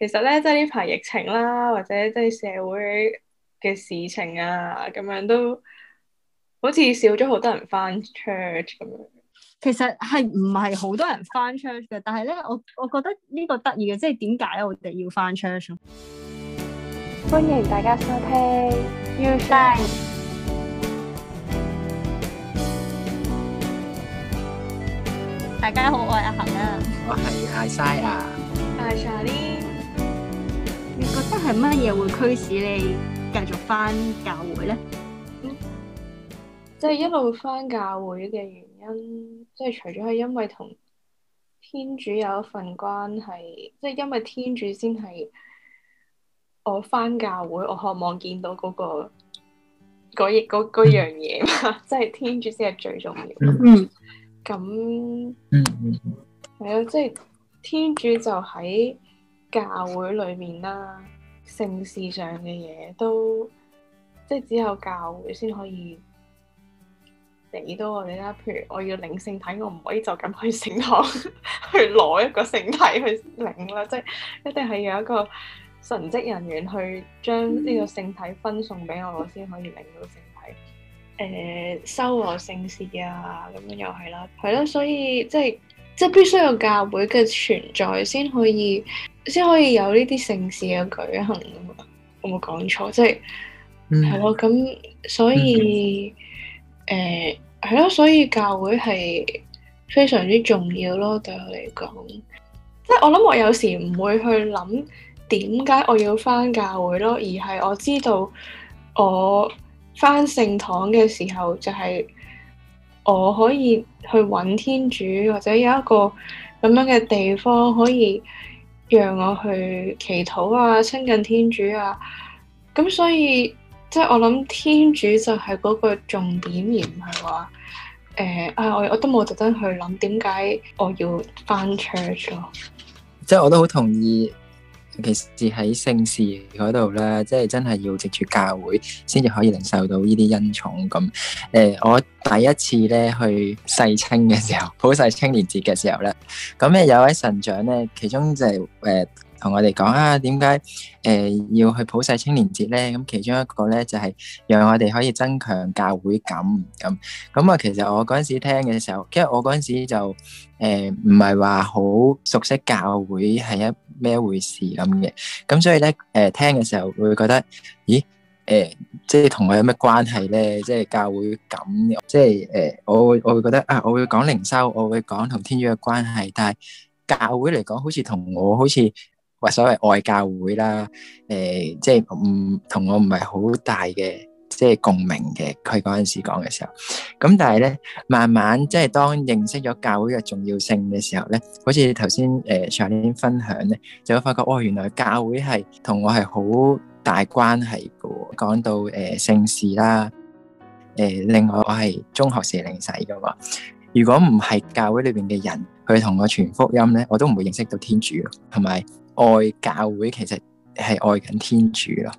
其實咧，即係呢排疫情啦，或者即係社會嘅事情啊，咁樣都好似少咗好多人翻 church 咁樣。其實係唔係好多人翻 church 嘅？但係咧，我我覺得呢個得意嘅，即係點解我哋要翻 church 啊？歡迎大家收聽，You Shine。大家好，我係阿恆啊，我係阿西啊，阿沙、哎係乜嘢會驅使你繼續返教會咧？即係、嗯就是、一路返教會嘅原因，即、就、係、是、除咗係因為同天主有一份關係，即、就、係、是、因為天主先係我返教會，我渴望見到嗰、那個嗰嘢嗰樣嘢，即係、就是、天主先係最重要。嗯，咁嗯係啊，即係天主就喺教會裏面啦。聖事上嘅嘢都即係只有教會先可以俾到我哋啦。譬如我要領聖體，我唔可以就咁去聖堂 去攞一個聖體去領啦。即係一定係有一個神職人員去將呢個聖體分送俾我，我先、嗯、可以領到聖體。誒、呃，修和聖事啊，咁樣 又係啦，係啦。所以即係即係必須有教會嘅存在先可以先可以有呢啲聖事嘅舉行啊！我有冇講錯？即係係咯，咁、mm hmm. 所以誒係咯，所以教會係非常之重要咯。對我嚟講，即係我諗，我有時唔會去諗點解我要返教會咯，而係我知道我返聖堂嘅時候，就係我可以去揾天主，或者有一個咁樣嘅地方可以。讓我去祈禱啊，親近天主啊，咁所以即係我諗天主就係嗰個重點，而唔係話誒啊我我都冇特登去諗點解我要翻 c h 咯，即係我都好同意。尤其是喺聖事嗰度咧，即係真係要藉住教會先至可以領受到呢啲恩寵咁。誒、呃，我第一次咧去世青嘅時候，普世青年節嘅時候咧，咁誒有位神長咧，其中就係、是、誒。呃同我哋講啊，點解誒要去普世青年節咧？咁其中一個咧就係讓我哋可以增強教會感咁咁啊。其實我嗰陣時聽嘅時候，因為我嗰陣時就誒唔係話好熟悉教會係一咩一回事咁嘅，咁所以咧誒聽嘅時候會覺得，咦誒即係同我有咩關係咧？即係教會感，即係誒我會我會覺得啊，我會講靈修，我會講同天主嘅關係，但係教會嚟講，好似同我好似。或所謂外教會啦，誒、呃，即係唔同我唔係好大嘅，即係共鳴嘅。佢嗰陣時講嘅時候，咁但係咧，慢慢即係當認識咗教會嘅重要性嘅時候咧，好似頭先誒上年分享咧，就會發覺哦，原來教會係同我係好大關係嘅。講到誒聖、呃、事啦，誒另外我係中學時領洗嘅嘛，如果唔係教會裏邊嘅人去同我傳福音咧，我都唔會認識到天主嘅，係咪？愛教會其實係愛緊天主咯，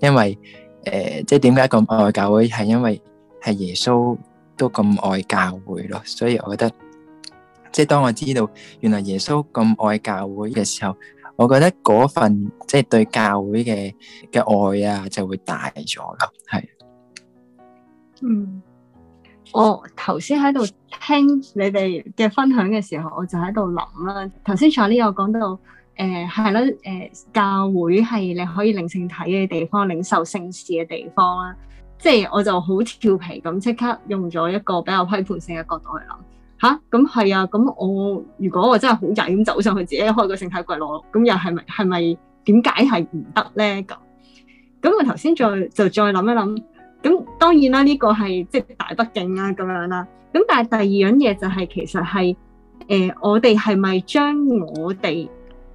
因為誒、呃，即係點解咁愛教會係因為係耶穌都咁愛教會咯，所以我覺得即係當我知道原來耶穌咁愛教會嘅時候，我覺得嗰份即係對教會嘅嘅愛啊就會大咗咯，係。嗯，我頭先喺度聽你哋嘅分享嘅時候，我就喺度諗啦。頭先 Charlie 呢，我講到。誒，係啦、呃，誒、呃，教會係你可以領聖體嘅地方，領受聖事嘅地方啦。即係我就好調皮咁，即刻用咗一個比較批判性嘅角度去諗，吓咁，係啊，咁我如果我真係好曳咁走上去，自己開個聖體櫃攞，咁又係咪係咪點解係唔得咧？咁咁我頭先再就再諗一諗，咁當然啦，呢、這個係即係大不敬啦，咁樣啦。咁但係第二樣嘢就係、是、其實係誒、呃，我哋係咪將我哋？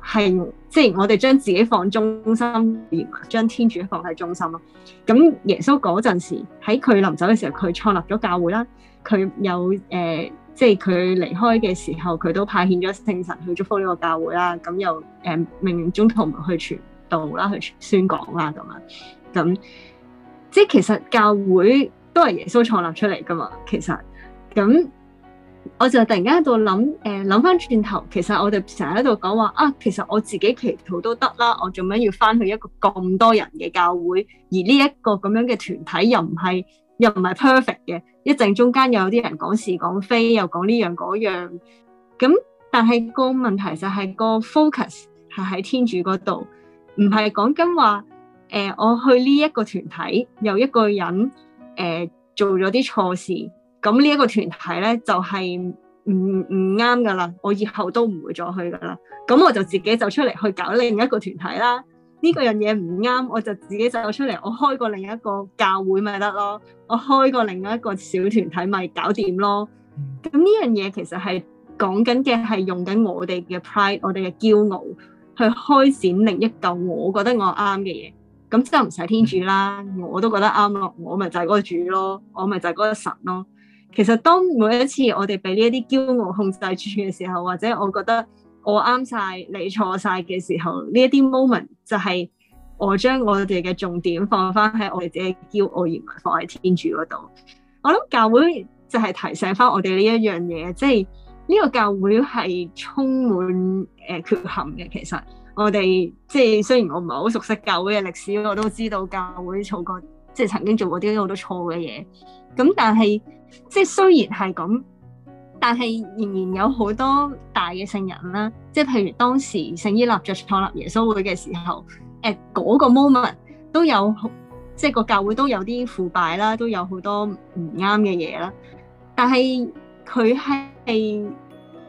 係即係我哋將自己放中心點，將天主放喺中心咯。咁耶穌嗰陣時喺佢臨走嘅時候，佢創立咗教會啦。佢有誒，即係佢離開嘅時候，佢、呃就是、都派遣咗聖神去祝福呢個教會啦。咁又誒、令、呃、門徒同埋去傳道啦，去宣講啦，咁樣咁。即係其實教會都係耶穌創立出嚟噶嘛，其實咁。我就突然間喺度諗，誒諗翻轉頭，其實我哋成日喺度講話啊，其實我自己祈禱都得啦，我做咩要翻去一個咁多人嘅教會？而呢一個咁樣嘅團體又唔係，又唔係 perfect 嘅，一陣中間又有啲人講是講非，又講呢樣嗰樣。咁但係個問題就係個 focus 係喺天主嗰度，唔係講緊話誒，我去呢一個團體有一個人誒、呃、做咗啲錯事。咁呢一個團體咧就係唔唔啱噶啦，我以後都唔會再去噶啦。咁我就自己就出嚟去搞另一個團體啦。呢個樣嘢唔啱，我就自己走出嚟，我開過另一個教會咪得咯，我開過另一個小團體咪搞掂咯。咁呢樣嘢其實係講緊嘅係用緊我哋嘅 pride，我哋嘅驕傲去開展另一嚿我覺得我啱嘅嘢。咁真係唔使天主啦，我都覺得啱咯，我咪就係嗰個主咯，我咪就係嗰個神咯。其實當每一次我哋俾呢一啲驕傲控制住嘅時候，或者我覺得我啱晒，你錯晒嘅時候，呢一啲 moment 就係我將我哋嘅重點放翻喺我哋自己驕傲而唔係放喺天主嗰度。我諗教會就係提醒翻我哋呢一樣嘢，即係呢個教會係充滿誒、呃、缺陷嘅。其實我哋即係雖然我唔係好熟悉教會嘅歷史，我都知道教會做過。即係曾經做過啲好多錯嘅嘢，咁但係即係雖然係咁，但係仍然有好多大嘅聖人啦。即係譬如當時聖依納爵創立耶穌會嘅時候，誒、呃、嗰、那個 moment 都有即係個教會都有啲腐敗啦，都有好多唔啱嘅嘢啦。但係佢係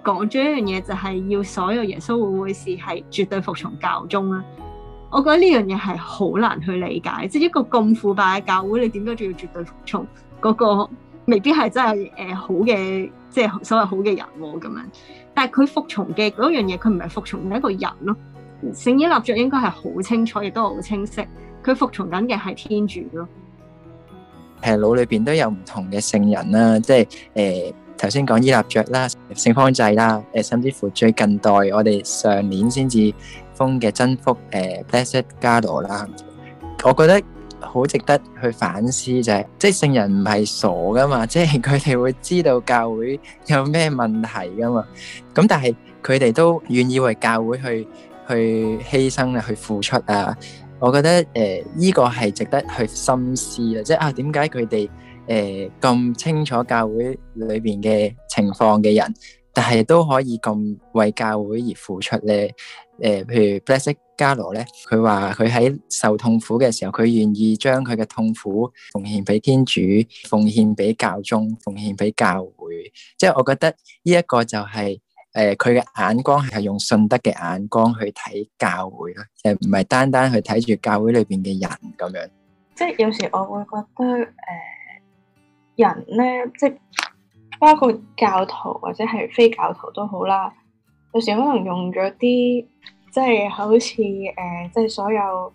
講咗一樣嘢，就係、是、要所有耶穌會會士係絕對服從教宗啦。我覺得呢樣嘢係好難去理解，即係一個咁腐敗嘅教會，你點解仲要絕對服從嗰個未必係真係誒好嘅，即係所謂好嘅人咁樣？但係佢服從嘅嗰樣嘢，佢唔係服從係一個人咯。聖依納爵應該係好清楚亦都好清晰，佢服從緊嘅係天主咯。誒腦裏邊都有唔同嘅聖人啦，即係誒頭先講依納爵啦、聖方濟啦，誒甚至乎最近代我哋上年先至嘅真福，誒，Blessed Gallo 啦，我覺得好值得去反思，就係即係聖人唔係傻噶嘛，即係佢哋會知道教會有咩問題噶嘛，咁但係佢哋都願意為教會去去犧牲啊，去付出啊，我覺得誒呢、呃呢個係值得去深思啊，即係啊點解佢哋誒咁清楚教會裏邊嘅情況嘅人？但係都可以咁為教會而付出咧。誒、呃，譬如 Blessed 加羅咧，佢話佢喺受痛苦嘅時候，佢願意將佢嘅痛苦奉獻俾天主，奉獻俾教宗，奉獻俾教會。即係我覺得呢一個就係誒佢嘅眼光係用信德嘅眼光去睇教會咯，就唔係單單去睇住教會裏邊嘅人咁樣。即係有時我會覺得誒、呃、人咧，即包括教徒或者係非教徒都好啦，有時可能用咗啲即係好似誒，即係所有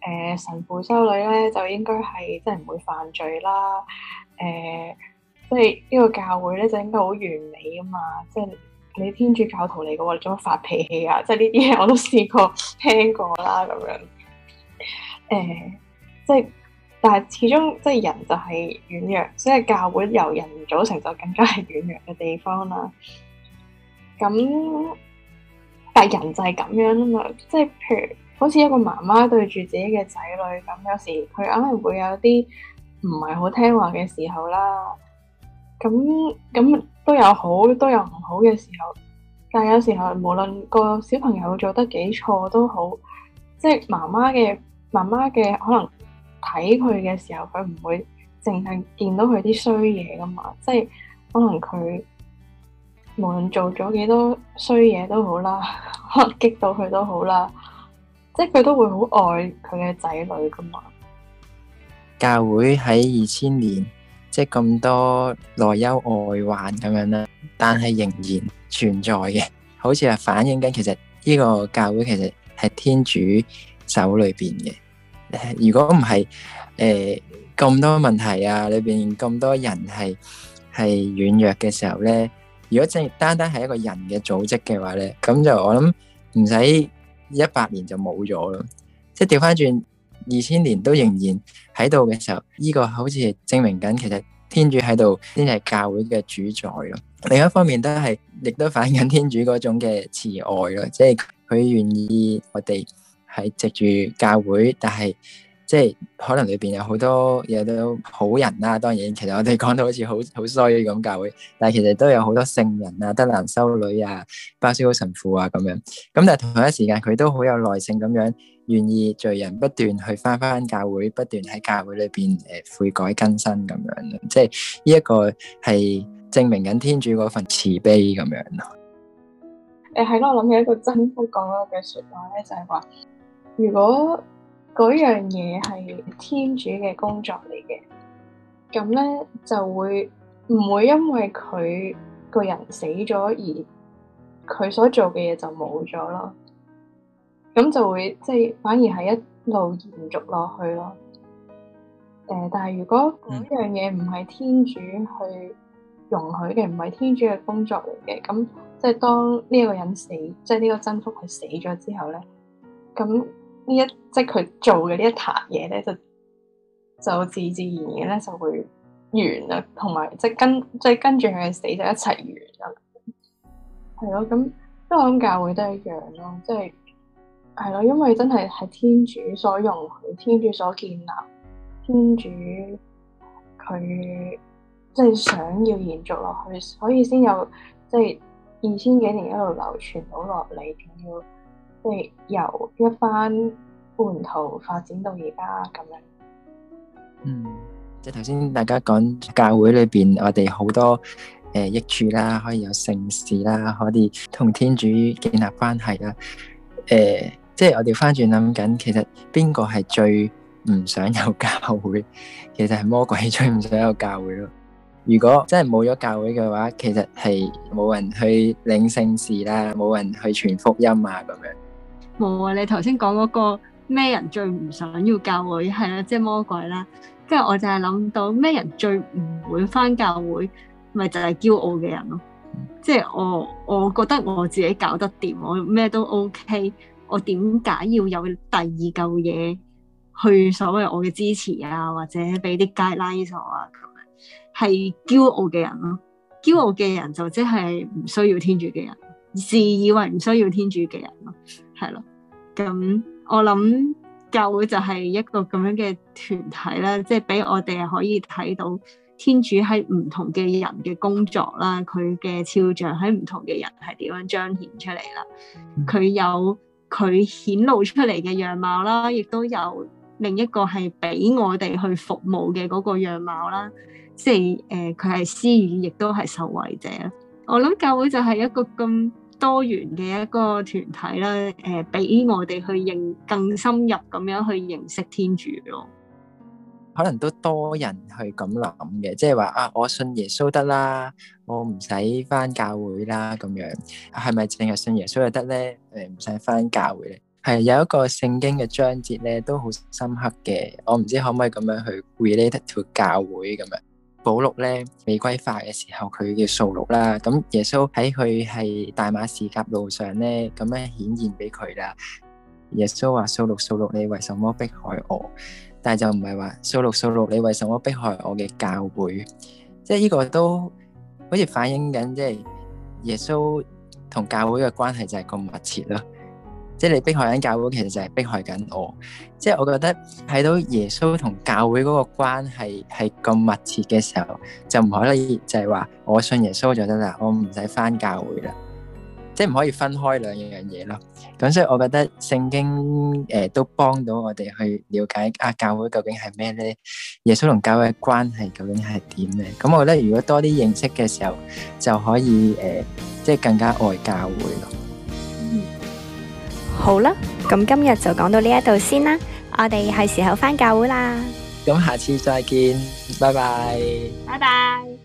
誒神父修女咧就應該係即係唔會犯罪啦，誒即係呢個教會咧就應該好完美啊嘛，即係你天主教徒嚟嘅話，你做乜發脾氣啊？即係呢啲嘢，我都試過聽過啦，咁樣誒即係。呃就是但係始終即係人就係軟弱，即係教會由人組成就更加係軟弱嘅地方啦。咁但係人就係咁樣啊嘛，即係譬如好似一個媽媽對住自己嘅仔女，咁有時佢可能會有啲唔係好聽話嘅時候啦。咁咁都有好，都有唔好嘅時候。但係有時候無論個小朋友做得幾錯都好，即係媽媽嘅媽媽嘅可能。睇佢嘅時候，佢唔會淨係見到佢啲衰嘢噶嘛，即係可能佢無論做咗幾多衰嘢都好啦，可能激到佢都好啦，即係佢都會好愛佢嘅仔女噶嘛。教會喺二千年，即係咁多內憂外患咁樣啦，但係仍然存在嘅，好似係反映緊其實呢個教會其實係天主手裏邊嘅。如果唔係誒，咁多問題啊，裏邊咁多人係係軟弱嘅時候咧，如果正單單係一個人嘅組織嘅話咧，咁就我諗唔使一百年就冇咗咯。即係調翻轉二千年都仍然喺度嘅時候，呢個好似係證明緊其實天主喺度先係教會嘅主宰咯。另一方面都係亦都反映緊天主嗰種嘅慈愛咯，即係佢願意我哋。係籍住教會，但係即係可能裏邊有好多嘢都好人啦。當然，其實我哋講到好似好好衰咁教會，但係其實都有好多聖人啊、德蘭修女啊、巴斯好神父啊咁樣。咁但係同一時間，佢都好有耐性咁樣，願意罪人不斷去翻翻教會，不斷喺教會裏邊誒悔改更新咁樣即係呢一個係證明緊天主嗰份慈悲咁樣咯。誒、欸，係咯，我諗起一個真福講過嘅說話咧，就係話。如果嗰樣嘢係天主嘅工作嚟嘅，咁咧就會唔會因為佢個人死咗而佢所做嘅嘢就冇咗咯？咁就會即係反而係一路延續落去咯。誒、呃，但係如果嗰樣嘢唔係天主去容許嘅，唔係天主嘅工作嚟嘅，咁即係當呢個人死，即係呢個真福佢死咗之後咧，咁。一即係佢做嘅呢一壇嘢咧，就就自自然然嘅咧，就會完啦。同埋即係跟即係跟住佢嘅死就一齊完啦。係咯，咁即係我諗教會都一樣咯，即係係咯，因為真係係天主所容許，天主所建立，天主佢即係想要延續落去，所以先有即係二千幾年一路流傳到落嚟，仲要。即係由一番叛徒發展到而家咁樣。嗯，即係頭先大家講教會裏邊，我哋好多誒、呃、益處啦，可以有聖事啦，可以同天主建立關係啦。誒、呃，即係我哋翻轉諗緊，其實邊個係最唔想有教會？其實係魔鬼最唔想有教會咯。如果真係冇咗教會嘅話，其實係冇人去領聖事啦，冇人去傳福音啊，咁樣。冇啊！你頭先講嗰個咩人最唔想要教會係啦，啊，即係魔鬼啦。跟住我就係諗到咩人最唔會返教會，咪就係驕傲嘅人咯。即係我我覺得我自己搞得掂，我咩都 OK，我點解要有第二嚿嘢去所謂我嘅支持啊，或者俾啲 guideline 啊？係驕傲嘅人咯，驕傲嘅人就即係唔需要天主嘅人，自以為唔需要天主嘅人咯。係咯，咁我諗教會就係一個咁樣嘅團體啦，即係俾我哋可以睇到天主喺唔同嘅人嘅工作啦，佢嘅肖像喺唔同嘅人係點樣彰顯出嚟啦。佢有佢顯露出嚟嘅樣貌啦，亦都有另一個係俾我哋去服務嘅嗰個樣貌啦。即係誒，佢係施予，亦都係受惠者。我諗教會就係一個咁。多元嘅一個團體啦，誒，俾我哋去認更深入咁樣去認識天主咯。可能都多人去咁諗嘅，即係話啊，我信耶穌得啦，我唔使翻教會啦，咁樣係咪淨係信耶穌就得咧？誒，唔使翻教會咧。係有一個聖經嘅章節咧，都好深刻嘅。我唔知可唔可以咁樣去 relate to 教會咁樣。保祿咧，未歸化嘅時候，佢嘅掃祿啦。咁耶穌喺佢係大馬士革路上咧，咁樣顯現俾佢啦。耶穌話掃祿掃祿，你為什麼迫害我？但係就唔係話掃祿掃祿，你為什麼迫害我嘅教會？即係呢個都好似反映緊，即係耶穌同教會嘅關係就係咁密切咯。即係你逼害緊教會，其實就係逼害緊我。即係我覺得喺到耶穌同教會嗰個關係係咁密切嘅時候，就唔可以就係話我信耶穌就得啦，我唔使翻教會啦。即係唔可以分開兩樣嘢咯。咁所以我覺得聖經誒都幫到我哋去了解啊教會究竟係咩咧？耶穌同教會嘅關係究竟係點咧？咁我覺得如果多啲認識嘅時候，就可以誒即係更加愛教會咯。好啦，咁今日就講到呢一度先啦，我哋係時候返教會啦。咁下次再見，拜拜，拜拜。